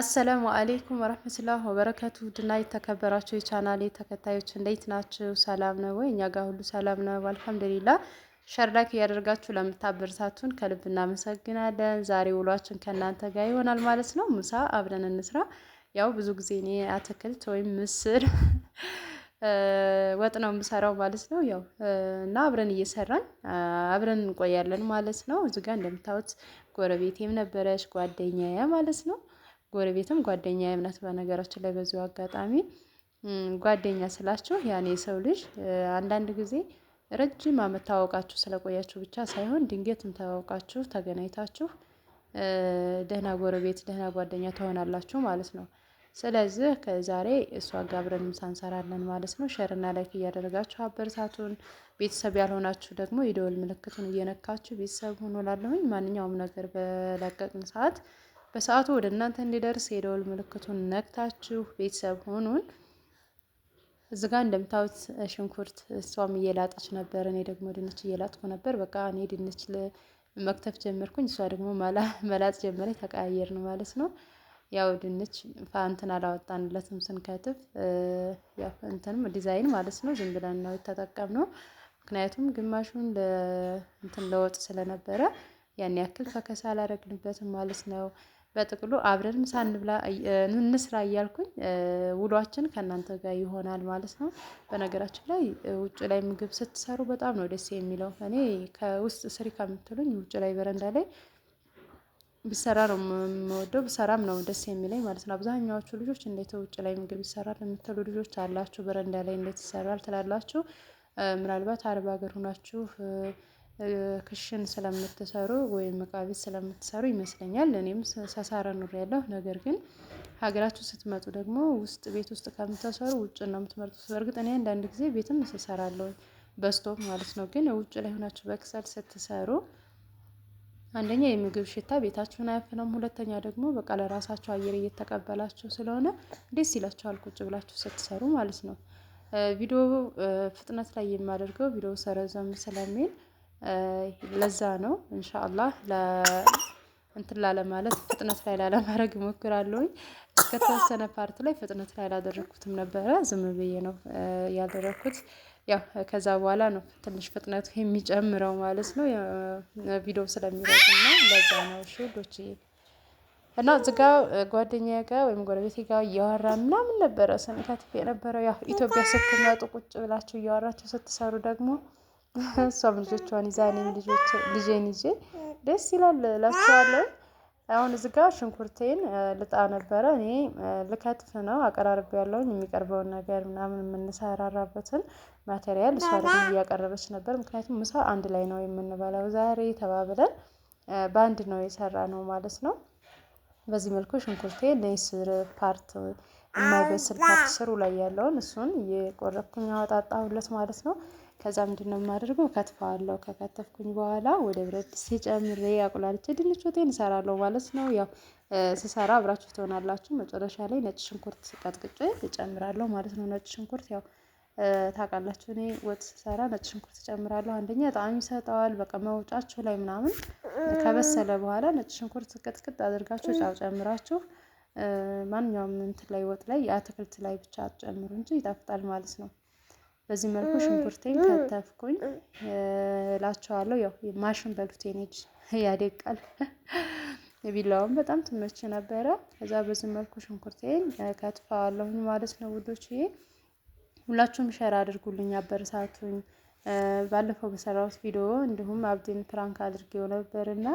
አሰላሙ አሌይኩም ወረህመቱላህ ወበረከቱ ድና የተከበራችሁ የቻናሌ ተከታዮች እንዴት ናችሁ? ሰላም ነው ወይ? እኛ ጋር ሁሉ ሰላም ነው አልሐምዱሊላ። ሸርላክ እያደርጋችሁ ለምታበርታቱን ከልብ እናመሰግናለን። ዛሬ ውሏችን ከእናንተ ጋር ይሆናል ማለት ነው። ምሳ አብረን እንስራ። ያው ብዙ ጊዜ እኔ አትክልት ወይም ምስር ወጥ ነው የምሰራው ማለት ነው። ያው እና አብረን እየሰራን አብረን እንቆያለን ማለት ነው። እዚጋ እንደምታዩት ጎረቤቴም ነበረች ጓደኛዬ ማለት ነው። ጎረቤትም ጓደኛ ናት። በነገራችን ላይ በዚሁ አጋጣሚ ጓደኛ ስላችሁ ያኔ የሰው ልጅ አንዳንድ ጊዜ ረጅም ዓመት ታወቃችሁ ስለቆያችሁ ብቻ ሳይሆን ድንገትም ታወቃችሁ ተገናኝታችሁ ደህና ጎረቤት ደህና ጓደኛ ትሆናላችሁ ማለት ነው። ስለዚህ ከዛሬ እሷ ጋር አብረን ምሳ እንሰራለን ማለት ነው። ሸርና ላይክ እያደረጋችሁ አበረታቱን። ቤተሰብ ያልሆናችሁ ደግሞ የደወል ምልክቱን እየነካችሁ ቤተሰብ ሆኖላለሁኝ ማንኛውም ነገር በለቀቅን ሰዓት በሰዓቱ ወደ እናንተ እንዲደርስ የደወል ምልክቱን ነክታችሁ ቤተሰብ ሆኑን። እዚ ጋ እንደምታዩት ሽንኩርት እሷም እየላጠች ነበር፣ እኔ ደግሞ ድንች እየላጥኩ ነበር። በቃ እኔ ድንች መክተፍ ጀመርኩኝ፣ እሷ ደግሞ መላጥ ጀመረች። ተቀያየር ነው ማለት ነው። ያው ድንች እንትን አላወጣንለትም ስንከትፍ፣ ያው ዲዛይን ማለት ነው። ዝም ብለን ነው የተጠቀምነው፣ ምክንያቱም ግማሹን እንትን ለወጥ ስለነበረ ያን ያክል ፈከሳ አላደረግንበትም ማለት ነው። በጥቅሉ አብረን ምሳ እንብላ እንስራ እያልኩኝ ውሏችን ከእናንተ ጋር ይሆናል ማለት ነው። በነገራችን ላይ ውጭ ላይ ምግብ ስትሰሩ በጣም ነው ደስ የሚለው። እኔ ከውስጥ ስሪ ከምትሉኝ ውጭ ላይ በረንዳ ላይ ቢሰራ ነው የምወደው፣ ብሰራም ነው ደስ የሚለኝ ማለት ነው። አብዛኛዎቹ ልጆች እንዴት ውጭ ላይ ምግብ ይሰራል የምትሉ ልጆች አላችሁ፣ በረንዳ ላይ እንዴት ይሰራል ትላላችሁ። ምናልባት አረብ ሀገር ሁናችሁ ክሽን ስለምትሰሩ ወይም ዕቃ ቤት ስለምትሰሩ ይመስለኛል። እኔም ሰሳረ ኑር ያለሁ ነገር ግን ሀገራችሁ ስትመጡ ደግሞ ውስጥ ቤት ውስጥ ከምትሰሩ ውጭ ነው የምትመርጡት። በእርግጥ እኔ አንዳንድ ጊዜ ቤትም እሰራለሁ በስቶቭ ማለት ነው። ግን ውጭ ላይ ሆናችሁ በክሰል ስትሰሩ አንደኛ የምግብ ሽታ ቤታችሁን አያፍነውም። ሁለተኛ ደግሞ በቃ ለራሳችሁ አየር እየተቀበላችሁ ስለሆነ ደስ ይላችኋል ቁጭ ብላችሁ ስትሰሩ ማለት ነው። ቪዲዮ ፍጥነት ላይ የማደርገው ቪዲዮ ሰረዘም ስለሚል ለዛ ነው ኢንሻአላህ እንትን ላለ ማለት ፍጥነት ላይ ላለማድረግ እሞክራለሁኝ። ከተወሰነ ፓርት ላይ ፍጥነት ላይ አላደረግኩትም ነበረ፣ ዝም ብዬ ነው ያደረግኩት። ያው ከዛ በኋላ ነው ትንሽ ፍጥነቱ የሚጨምረው ማለት ነው፣ ቪዲዮ ስለሚረዝም ነው። ለዛ ነው ሹዶች እና እዚጋ ጓደኛ ጋ ወይም ጎረቤቴ ጋ እያወራ ምናምን ነበረ ሰሚታቲፍ የነበረው። ያው ኢትዮጵያ ስትመጡ ቁጭ ብላችሁ እያወራችሁ ስትሰሩ ደግሞ እሷም ልጆቿን ይዛ እኔም ልጄን ይዤ ደስ ይላል እላችኋለሁ። አሁን እዚህ ጋር ሽንኩርቴን ልጣ ነበረ። እኔ ልከትፍ ነው አቀራርብ ያለውን የሚቀርበውን ነገር ምናምን የምንሰራራበትን ማቴሪያል እሷ ደግሞ እያቀረበች ነበር። ምክንያቱም ምሳ አንድ ላይ ነው የምንበላው ዛሬ ተባብለን በአንድ ነው የሰራ ነው ማለት ነው። በዚህ መልኩ ሽንኩርቴ ስር ፓርት የማይበስል ፓርት ስሩ ላይ ያለውን እሱን እየቆረኩኝ አወጣጣሁለት ማለት ነው። ከዛ ምንድን ነው የማደርገው ከትፈዋለሁ። ከከተፍኩኝ በኋላ ወደ ብረት ድስት ጨምሬ አቁላልቼ ድንች ወጤን እሰራለሁ ማለት ነው። ያው ስሰራ አብራችሁ ትሆናላችሁ። መጨረሻ ላይ ነጭ ሽንኩርት ቀጥቅጬ እጨምራለሁ ማለት ነው። ነጭ ሽንኩርት ያው ታውቃላችሁ፣ እኔ ወጥ ስሰራ ነጭ ሽንኩርት እጨምራለሁ። አንደኛ ጣዕም ይሰጠዋል። በቃ መውጫችሁ ላይ ምናምን ከበሰለ በኋላ ነጭ ሽንኩርት ቅጥቅጥ አድርጋችሁ ጫው ጨምራችሁ ማንኛውም እንትን ላይ ወጥ ላይ የአትክልት ላይ ብቻ አትጨምሩ እንጂ ይጣፍጣል ማለት ነው። በዚህ መልኩ ሽንኩርቴን ከተፍኩኝ እላቸዋለሁ። ያው ማሽን በሉት የኔ ያደቃል። ቢላውም በጣም ትመች ነበረ። ከዛ በዚህ መልኩ ሽንኩርቴን ከትፈዋለሁኝ ማለት ነው ውዶችዬ። ሁላችሁም ሸር አድርጉልኝ፣ አበረታቱኝ። ባለፈው በሰራሁት ቪዲዮ እንዲሁም አብዴን ፕራንክ አድርጌው ነበርና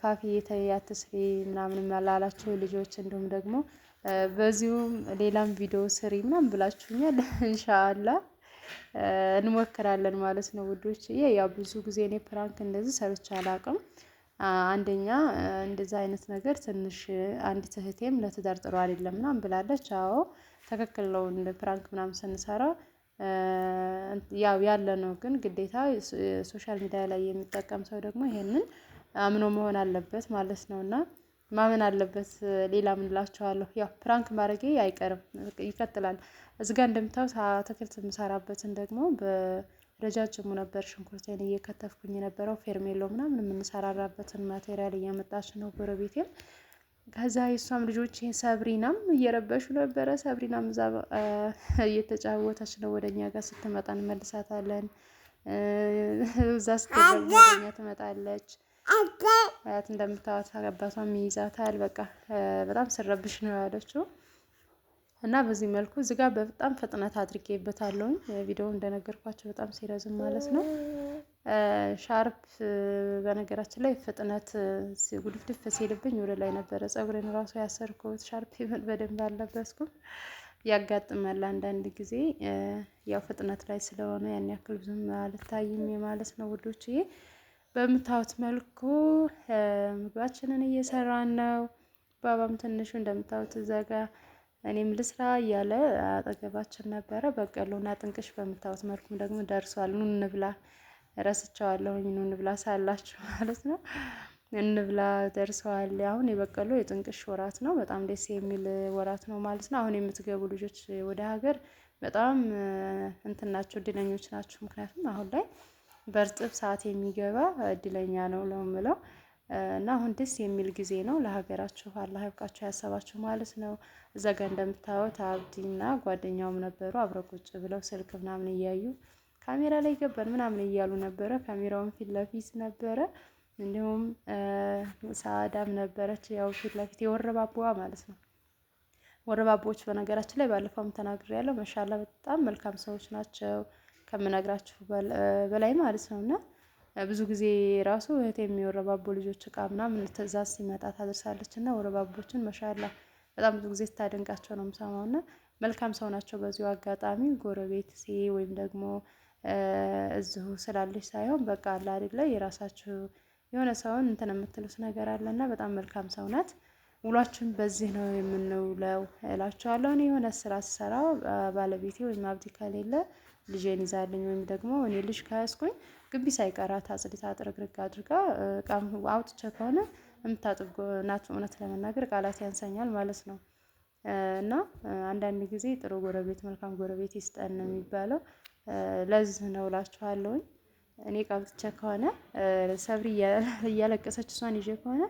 ፋፊ የተያትስሪ ምናምን ላላችሁ ልጆች እንዲሁም ደግሞ በዚሁም ሌላም ቪዲዮ ስሪ ምናምን ብላችሁኛል። እንሻአላ እንሞክራለን ማለት ነው ውዶች። ያው ብዙ ጊዜ እኔ ፕራንክ እንደዚህ ሰርቼ አላቅም አንደኛ እንደዚ አይነት ነገር ትንሽ አንዲት እህቴም ለትዳር ጥሩ አይደለም ምናምን ብላለች። አዎ ትክክል ነው። ፕራንክ ምናምን ስንሰራ ያው ያለ ነው። ግን ግዴታ ሶሻል ሚዲያ ላይ የሚጠቀም ሰው ደግሞ ይሄንን አምኖ መሆን አለበት ማለት ነው እና ማመን አለበት። ሌላ ምን እላችኋለሁ? ያው ፕራንክ ማድረጌ አይቀርም ይቀጥላል። እዚህ ጋር እንደምታዩት አትክልት የምሰራበትን ደግሞ በረጃጅሙ ነበር ሽንኩርቴን እየከተፍኩኝ የነበረው። ፌርሜሎ ምናምን የምንሰራራበትን ማቴሪያል እያመጣች ነው ጎረቤቴም ከዛ የእሷም ልጆች ሰብሪናም እየረበሹ ነበረ። ሰብሪናም እዛ እየተጫወተች ነው። ወደ እኛ ጋር ስትመጣ እንመልሳታለን። እዛ ስትወደኛ ትመጣለች። አያት እንደምታወት አባቷም ይይዛታል። በቃ በጣም ስረብሽ ነው ያለችው እና በዚህ መልኩ እዚህ ጋር በጣም ፍጥነት አድርጌበታለሁኝ። ቪዲዮ እንደነገርኳቸው በጣም ሲረዝም ማለት ነው። ሻርፕ በነገራችን ላይ ፍጥነት ጉድፍድፍ ሲልብኝ ወደ ላይ ነበረ ጸጉሬን ራሱ ያሰርኩት። ሻርፕ በደንብ አልለበስኩም። ያጋጥመል አንዳንድ ጊዜ ያው ፍጥነት ላይ ስለሆነ ያን ያክል ብዙም አልታይም ማለት ነው ውዶችዬ። በምታዩት መልኩ ምግባችንን እየሰራን ነው። ባባም ትንሹ እንደምታዩት እዛ ጋ እኔም ልስራ እያለ አጠገባችን ነበረ። በቀሎና ጥንቅሽ በምታዩት መልኩም ደግሞ ደርሷል። ኑ እንብላ፣ ረስቸዋለሁኝ። ኑ እንብላ ሳላችሁ ማለት ነው። እንብላ ደርሰዋል። አሁን የበቀሎ የጥንቅሽ ወራት ነው። በጣም ደስ የሚል ወራት ነው ማለት ነው። አሁን የምትገቡ ልጆች ወደ ሀገር በጣም እንትናቸው ናቸው፣ እድለኞች ናቸው። ምክንያቱም አሁን ላይ በእርጥብ ሰዓት የሚገባ እድለኛ ነው ነው የምለው። እና አሁን ደስ የሚል ጊዜ ነው። ለሀገራችሁ አላህ ያብቃችሁ ያሰባችሁ ማለት ነው። እዛ ጋር እንደምታዩት አብዲና ጓደኛውም ነበሩ አብረው ቁጭ ብለው ስልክ ምናምን እያዩ ካሜራ ላይ ገባን ምናምን እያሉ ነበረ። ካሜራውን ፊት ለፊት ነበረ። እንዲሁም ሳዳም ነበረች ያው ፊት ለፊት የወረባቦዋ ማለት ነው። ወረባቦዎች በነገራችን ላይ ባለፈውም ተናግሬያለሁ። መሻላ በጣም መልካም ሰዎች ናቸው። ከምነግራችሁ በላይ ማለት ነው። እና ብዙ ጊዜ ራሱ እህቴ የወረባቦ ልጆች እቃ ምናምን ትእዛዝ ሲመጣ ታደርሳለች። እና ወረባቦችን መሻላ በጣም ብዙ ጊዜ ስታደንቃቸው ነው የምሰማው። እና መልካም ሰው ናቸው። በዚሁ አጋጣሚ ጎረቤት ሴ ወይም ደግሞ እዚሁ ስላለች ሳይሆን በቃ አለ አይደለ የራሳችሁ የሆነ ሰውን እንትን የምትሉት ነገር አለ እና በጣም መልካም ሰው ናት። ውሏችን በዚህ ነው የምንውለው እላቸዋለሁ። የሆነ ስራ ስሰራ ባለቤቴ ወይም አብዲ ከሌለ ልጄን ይዛልኝ ወይም ደግሞ እኔ ልጅ ከያዝኩኝ ግቢ ሳይቀራት አጽድታ ጥርግርግ አድርጋ ቃም አውጥቼ ከሆነ የምታጥብ ናት። እውነት ለመናገር ቃላት ያንሰኛል ማለት ነው። እና አንዳንድ ጊዜ ጥሩ ጎረቤት መልካም ጎረቤት ይስጠን ነው የሚባለው። ለዚህ ነው እላችኋለሁኝ። እኔ እቃ ከሆነ ሰብሪ እያለቀሰች እሷን ይዤ ከሆነ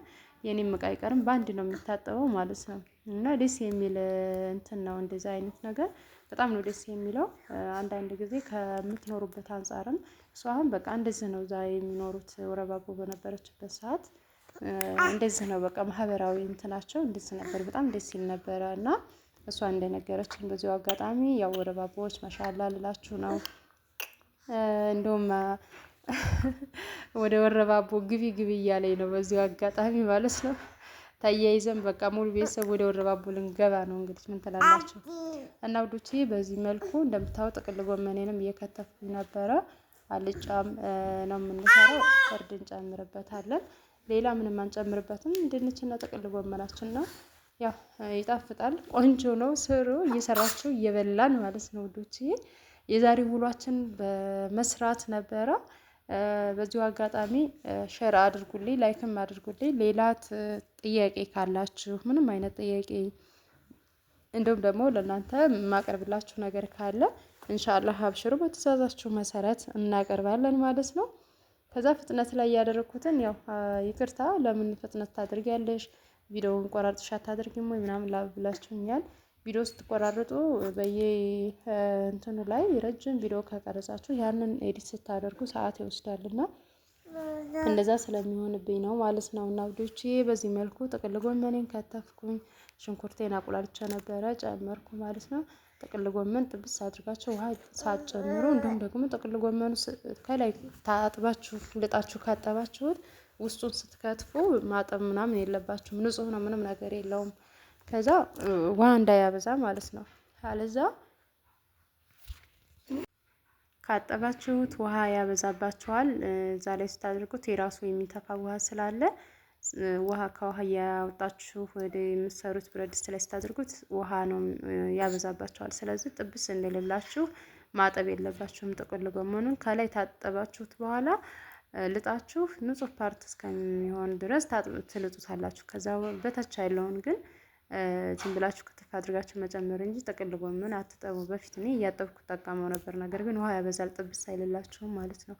የኔም እቃ አይቀርም በአንድ ነው የሚታጠበው ማለት ነው። እና ደስ የሚል እንትን ነው እንደዚ አይነት ነገር በጣም ነው ደስ የሚለው። አንዳንድ ጊዜ ከምትኖሩበት አንጻርም እሱ አሁን በቃ እንደዚህ ነው እዛ የሚኖሩት። ወረባቦ በነበረችበት ሰዓት እንደዚህ ነው በቃ ማህበራዊ እንትናቸው እንደዚህ ነበር። በጣም ደስ ይል ነበረ እና እሷ እንደነገረችን በዚሁ አጋጣሚ ያው ወረባቦዎች ማሻላ ልላችሁ ነው እንደውም ወደ ወረባቦ ግቢ ግቢ እያለኝ ነው በዚሁ አጋጣሚ ማለት ነው። ተያይዘን በቃ ሙሉ ቤተሰብ ወደ ወረባቦ ልንገባ ነው። እንግዲህ ምን ትላላችሁ? እና ውዶቼ በዚህ መልኩ እንደምታው ጥቅል ጎመኔንም እየከተፍኩ ነበረ። አልጫም ነው የምንሰራው። እርድ እንጨምርበታለን። ሌላ ምንም አንጨምርበትም። ድንችና ጥቅል ጎመናችን ነው። ያው ይጣፍጣል። ቆንጆ ነው። ስሩ እየሰራችሁ እየበላን ማለት ነው ውዶቼ። የዛሬ ውሏችን በመስራት ነበረ። በዚሁ አጋጣሚ ሸር አድርጉልኝ፣ ላይክም አድርጉልኝ። ሌላ ጥያቄ ካላችሁ ምንም አይነት ጥያቄ እንዲሁም ደግሞ ለእናንተ የማቀርብላችሁ ነገር ካለ እንሻላ ሀብሽሩ በትእዛዛችሁ መሰረት እናቀርባለን ማለት ነው። ከዛ ፍጥነት ላይ ያደረግኩትን ያው ይቅርታ፣ ለምን ፍጥነት ታደርጊያለሽ? ቪዲዮውን ቆራርጥሽ አታደርጊም ወይ ምናምን ላብላችሁኛል። ቪዲዮ ስትቆራረጡ በየ እንትኑ ላይ ረጅም ቪዲዮ ከቀረጻችሁ ያንን ኤዲት ስታደርጉ ሰዓት ይወስዳልና እንደዛ ስለሚሆንብኝ ነው ማለት ነው። እና ውዶቼ በዚህ መልኩ ጥቅል ጎመኔን ከተፍኩኝ፣ ሽንኩርቴን አቁላልቼ ነበረ ጨመርኩ ማለት ነው። ጥቅል ጎመን ጥብስ አድርጋችሁ ውሃ ሳጨምሩ እንዲሁም ደግሞ ጥቅል ጎመኑ ከላይ ታጥባችሁ ልጣችሁ ካጠባችሁት ውስጡን ስትከትፉ ማጠብ ምናምን የለባችሁም። ንጹህ ነው፣ ምንም ነገር የለውም። ከዛ ውሃ እንዳያበዛ ማለት ነው። አለዛ ካጠባችሁት ውሃ ያበዛባችኋል። እዛ ላይ ስታደርጉት የራሱ የሚተፋ ውሃ ስላለ ውሃ ከውሃ እያወጣችሁ ወደ የምትሰሩት ብረት ድስት ላይ ስታደርጉት ውሃ ነው ያበዛባችኋል። ስለዚህ ጥብስ እንደሌላችሁ ማጠብ የለባችሁም። ጥቅል ጎመኑን ከላይ ታጠባችሁት በኋላ ልጣችሁ ንጹህ ፓርት እስከሚሆን ድረስ ትልጡታላችሁ። ከዛ በታች ያለውን ግን ዝም ብላችሁ ክትፍ አድርጋችሁ መጨመር እንጂ ጥቅል ጎመን አትጠቡ። በፊት እኔ እያጠብኩ ጠቀመው ነበር። ነገር ግን ውሃ ያበዛል፣ ጥብስ አይልላችሁም ማለት ነው።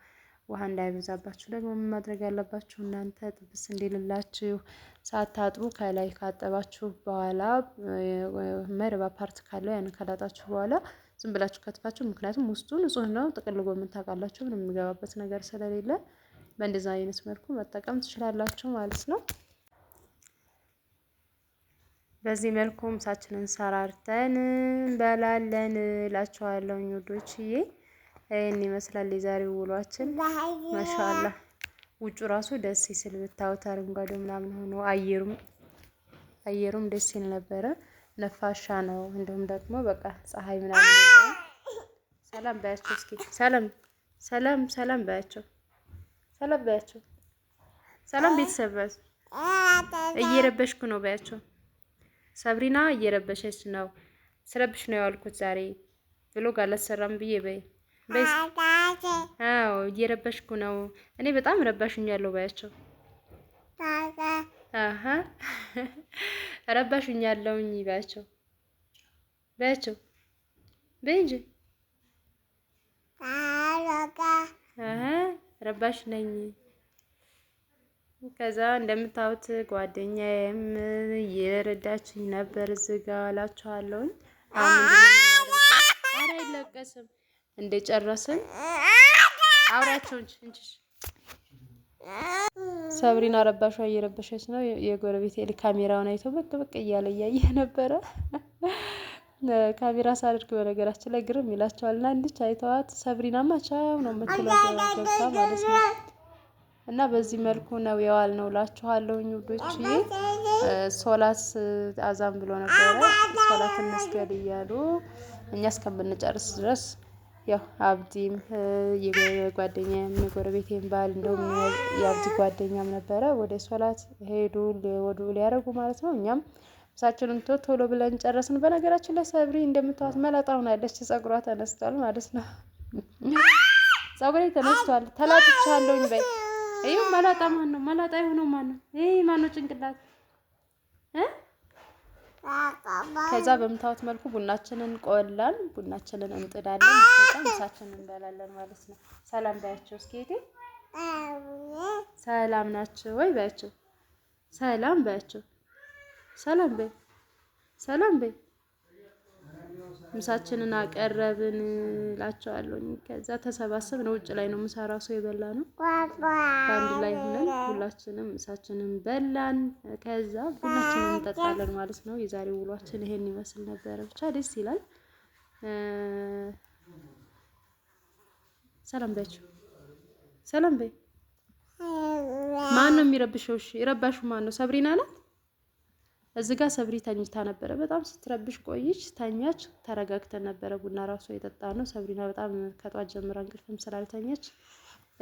ውሃ እንዳይበዛባችሁ ደግሞ ምን ማድረግ ያለባችሁ እናንተ ጥብስ እንዲልላችሁ ሳታጥቡ ከላይ ካጠባችሁ በኋላ መርባ ፓርት ካለው ያን ከላጣችሁ በኋላ ዝም ብላችሁ ከትፋችሁ፣ ምክንያቱም ውስጡ ንጹህ ነው። ጥቅል ጎመን ታውቃላችሁ፣ ምንም የሚገባበት ነገር ስለሌለ በእንደዛ አይነት መልኩ መጠቀም ትችላላችሁ ማለት ነው። በዚህ መልኩ ምሳችንን ሰራርተን እንበላለን እላችኋለሁ ውዶችዬ። ይህን ይመስላል የዛሬው ውሏችን። ማሻላ ውጩ ራሱ ደስ ይስል ብታዩት፣ አረንጓዴ ምናምን ሆኖ አየሩም አየሩም ደስ ይል ነበረ። ነፋሻ ነው። እንዲሁም ደግሞ በቃ ፀሐይ ምናምን ሰላም ባያቸው እስኪ ሰላም ሰላም ሰላም ባያቸው ሰላም ባያቸው ሰላም ቤተሰብ እየረበሽኩ ነው ባያቸው ሰብሪና እየረበሸች ነው ስረብሽ ነው ያልኩት ዛሬ ብሎግ አላሰራም ብዬ በይ አዎ እየረበሽኩ ነው። እኔ በጣም ረበሽኛለሁ ባያቸው ረባሽኛለሁኝ ባያቸው ባያቸው በይ እንጂ ረባሽ ነኝ። ከዛ እንደምታዩት ጓደኛዬም እየረዳችኝ ነበር። እዚህ ጋ እላችኋለሁኝ። አይለቀስም። እንደጨረስን አውሪያቸው እንጂ ሰብሪና ረባሿ እየረበሸች ነው። የጎረቤት ኤሊ ካሜራውን አይቶ ብቅ ብቅ እያለ እያየ ነበረ። ካሜራ ሳደርግ በነገራችን ላይ ግርም ይላቸዋልና እንዲች አይተዋት ሰብሪናማ ቻው ነው የምትለው ገብታ ማለት ነው። እና በዚህ መልኩ ነው የዋል ነው ላችኋለሁ። ውዶች ሶላት አዛን ብሎ ነበረ። ሶላት እንስገድ እያሉ እኛ እስከምንጨርስ ድረስ ያው አብዲም የጓደኛ ጎረቤቴም ባል እንደውም የአብዲ ጓደኛም ነበረ ወደ ሶላት ሄዱ ወዱ ሊያደርጉ ማለት ነው። እኛም ቶ ቶሎ ብለን ጨረስን። በነገራችን ላይ ሰብሪ እንደምታዋት መላጣ ሆናለች። ጸጉሯ ተነስቷል ማለት ነው። ጸጉሬ ተነስቷል ተላጥቻለሁኝ በይ ይህ መላጣ ማን ነው? መላጣ የሆነው ማን ነው? ይሄ ማን ነው? ጭንቅላት ከዛ በምታዩት መልኩ ቡናችንን ቆላን፣ ቡናችንን እንጥዳለን፣ ምሳችንን እንበላለን ማለት ነው። ሰላም ባያቸው እስኪ እቴ ሰላም ናቸው ወይ ባያቸው፣ ሰላም ባያቸው፣ ሰላም በይ፣ ሰላም በይ ምሳችንን አቀረብን ላቸዋለ ከዛ ተሰባሰብ ነው ውጭ ላይ ነው ምሳ ራሱ የበላ ነው። በአንድ ላይ ሆነን ሁላችንም ምሳችንን በላን። ከዛ ቡናችንን እንጠጣለን ማለት ነው። የዛሬ ውሏችን ይሄን ይመስል ነበረ። ብቻ ደስ ይላል። ሰላም በያቸው። ሰላም በይ። ማን ነው የሚረብሸው? የረባሹ ማን ነው? ሰብሪና ናት። እዚህ ጋር ሰብሪ ተኝታ ነበረ። በጣም ስትረብሽ ቆይች፣ ተኛች። ተረጋግተን ነበረ ቡና ራሱ የጠጣ ነው። ሰብሪና በጣም ከጧት ጀምራ እንቅልፍም ስላልተኘች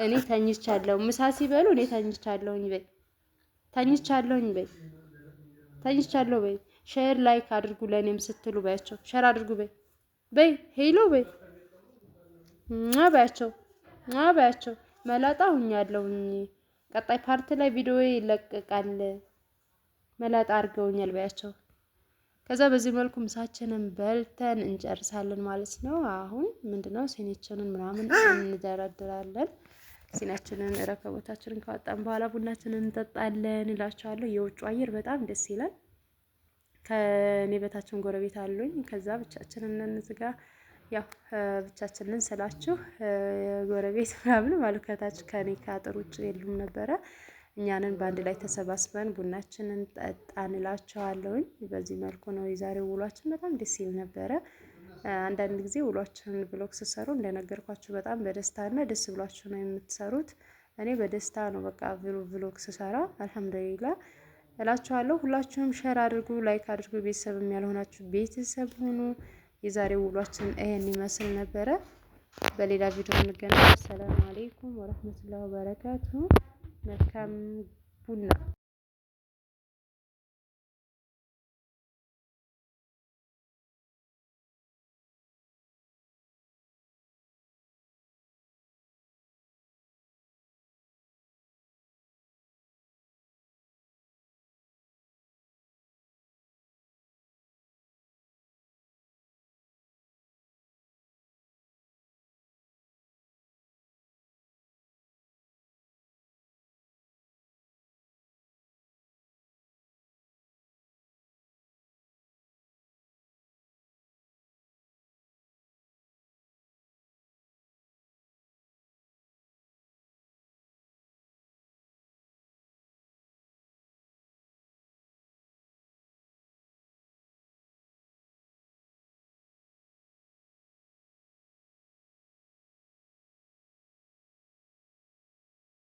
እኔ ተኝቻለሁ። ምሳ ሲበሉ እኔ ተኝቻለሁኝ በይ፣ ተኝቻለሁኝ በይ፣ ተኝቻለሁ በይ፣ ሼር ላይክ አድርጉ ለእኔም ስትሉ በያቸው፣ ሼር አድርጉ በይ፣ በይ፣ ሄሎ በይ፣ ና በያቸው፣ በያቸው። መላጣ ሁኛለሁኝ። ቀጣይ ፓርት ላይ ቪዲዮ ይለቀቃል። መላጣ አድርገውኛል ባያቸው። ከዛ በዚህ መልኩ ምሳችንን በልተን እንጨርሳለን ማለት ነው። አሁን ምንድነው ሲኒችንን ምናምን እንደረድራለን። ሲናችንን ረከቦታችንን ካወጣን በኋላ ቡናችንን እንጠጣለን እላቸዋለሁ። የውጭ አየር በጣም ደስ ይላል። ከኔ በታችን ጎረቤት አሉኝ። ከዛ ብቻችንን እንዝጋ ያው ብቻችንን ስላችሁ ጎረቤት ምናምን ማለት ከታች ከኔ ከአጥር ውጭ የሉም ነበረ። እኛንን በአንድ ላይ ተሰባስበን ቡናችንን ጠጣን እላቸዋለሁኝ። በዚህ መልኩ ነው የዛሬው ውሏችን። በጣም ደስ ይል ነበረ። አንዳንድ ጊዜ ውሏችንን ብሎክ ስሰሩ እንደነገርኳችሁ በጣም በደስታና ደስ ብሏችሁ ነው የምትሰሩት። እኔ በደስታ ነው በቃ ብሎክ ስሰራ አልሐምዱሊላ እላችኋለሁ። ሁላችሁም ሸር አድርጉ፣ ላይክ አድርጉ። ቤተሰብ የሚያልሆናችሁ ቤተሰብ ሁኑ። የዛሬው ውሏችን ይህን ይመስል ነበረ። በሌላ ቪዲዮ እንገናኝ። ሰላም አሌይኩም ወረህመቱላሂ ወበረካቱሁ። መልካም ቡና